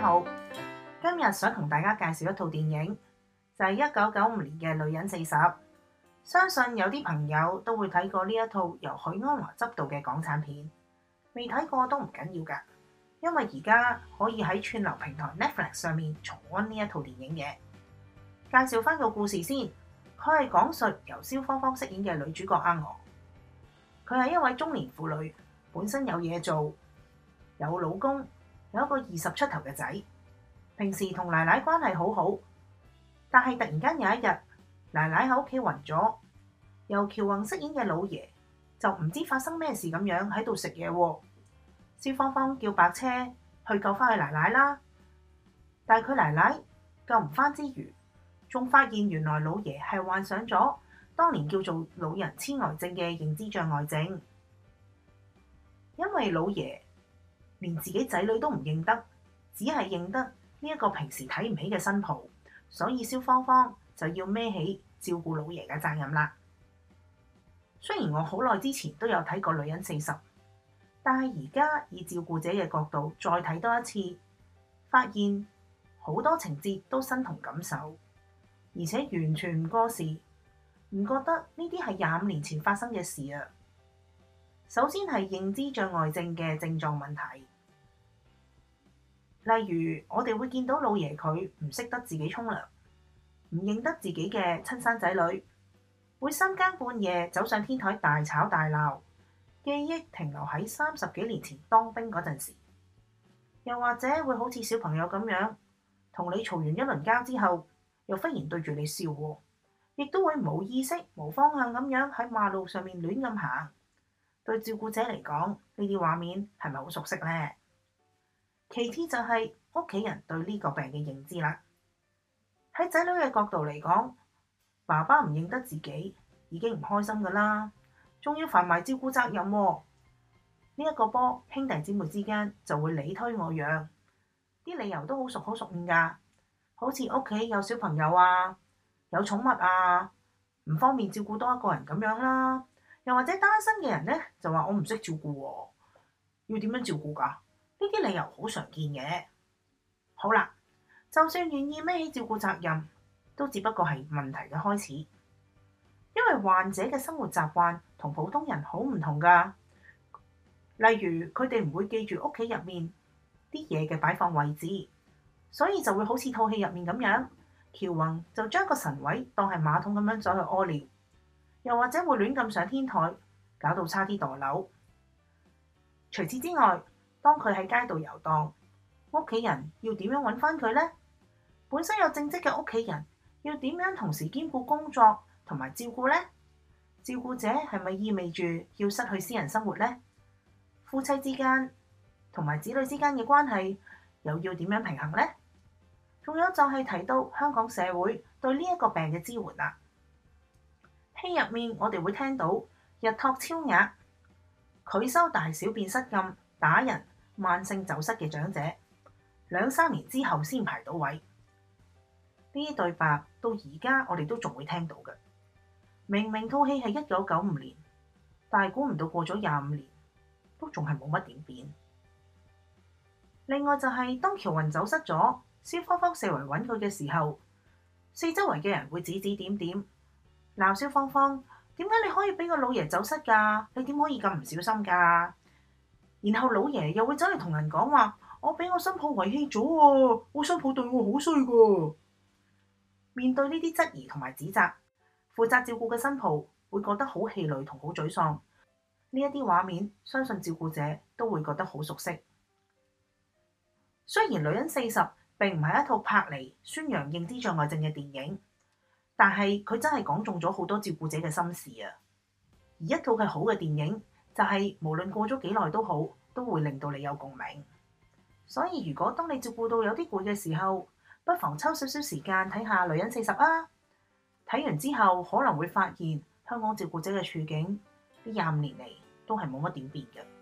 好，今日想同大家介紹一套電影，就係一九九五年嘅《女人四十》。相信有啲朋友都會睇過呢一套由許鞍華執導嘅港產片，未睇過都唔緊要噶，因為而家可以喺串流平台 Netflix 上面重溫呢一套電影嘅。介紹翻個故事先，佢係講述由蕭芳芳飾演嘅女主角阿娥，佢係一位中年婦女，本身有嘢做，有老公。有一個二十出頭嘅仔，平時同奶奶關係好好，但係突然間有一日，奶奶喺屋企暈咗，由喬宏飾演嘅老爺就唔知發生咩事咁樣喺度食嘢。肖芳芳叫白車去救翻佢奶奶啦，但係佢奶奶救唔翻之餘，仲發現原來老爺係患上咗當年叫做老人痴呆症嘅認知障礙症，因為老爺，連自己仔女都唔認得，只係認得呢一個平時睇唔起嘅新抱，所以蕭芳芳就要孭起照顧老爺嘅責任啦。雖然我好耐之前都有睇過《女人四十》，但係而家以照顧者嘅角度再睇多一次，發現好多情節都身同感受，而且完全唔過時，唔覺得呢啲係廿五年前發生嘅事啊！首先係認知障礙症嘅症狀問題，例如我哋會見到老爺佢唔識得自己沖涼，唔認得自己嘅親生仔女，會三更半夜走上天台大吵大鬧，記憶停留喺三十幾年前當兵嗰陣時，又或者會好似小朋友咁樣同你嘈完一輪交之後，又忽然對住你笑，亦都會冇意識、冇方向咁樣喺馬路上面亂咁行。對照顧者嚟講，呢啲畫面係咪好熟悉呢？其次就係屋企人對呢個病嘅認知啦。喺仔女嘅角度嚟講，爸爸唔認得自己已經唔開心噶啦，仲要分埋照顧責任。呢、這、一個波兄弟姊妹之間就會你推我讓，啲理由都好熟好熟面㗎，好似屋企有小朋友啊，有寵物啊，唔方便照顧多一個人咁樣啦。又或者單身嘅人咧，就話我唔識照顧喎、啊，要點樣照顧㗎？呢啲理由好常見嘅。好啦，就算願意孭起照顧責任，都只不過係問題嘅開始，因為患者嘅生活習慣同普通人好唔同㗎。例如佢哋唔會記住屋企入面啲嘢嘅擺放位置，所以就會好似套戲入面咁樣，喬宏就將個神位當係馬桶咁樣走去屙尿。又或者會亂咁上天台，搞到差啲墮樓。除此之外，當佢喺街度遊蕩，屋企人要點樣揾翻佢呢？本身有正職嘅屋企人要點樣同時兼顧工作同埋照顧呢？照顧者係咪意味住要失去私人生活呢？夫妻之間同埋子女之間嘅關係又要點樣平衡呢？仲有就係提到香港社會對呢一個病嘅支援啦。戲入面，我哋會聽到日托超額拒收大小便失禁、打人、慢性走失嘅長者，兩三年之後先排到位。呢啲對白，到而家我哋都仲會聽到嘅。明明套戲係一九九五年，但係估唔到過咗廿五年都仲係冇乜點變。另外就係、是、當喬云走失咗，蕭芳芳四圍揾佢嘅時候，四周圍嘅人會指指點點。鬧蕭芳芳，點解你可以俾個老爺走失噶？你點可以咁唔小心噶？然後老爺又會走嚟同人講話：我俾我新抱遺棄咗啊！我新抱對我好衰噶。面對呢啲質疑同埋指責，負責照顧嘅新抱會覺得好氣餒同好沮喪。呢一啲畫面，相信照顧者都會覺得好熟悉。雖然女人四十並唔係一套拍嚟宣揚認知障礙症嘅電影。但係佢真係講中咗好多照顧者嘅心事啊！而一套係好嘅電影，就係無論過咗幾耐都好，都會令到你有共鳴。所以如果當你照顧到有啲攰嘅時候，不妨抽少少時間睇下《女人四十》啊！睇完之後可能會發現，香港照顧者嘅處境呢廿五年嚟都係冇乜點變嘅。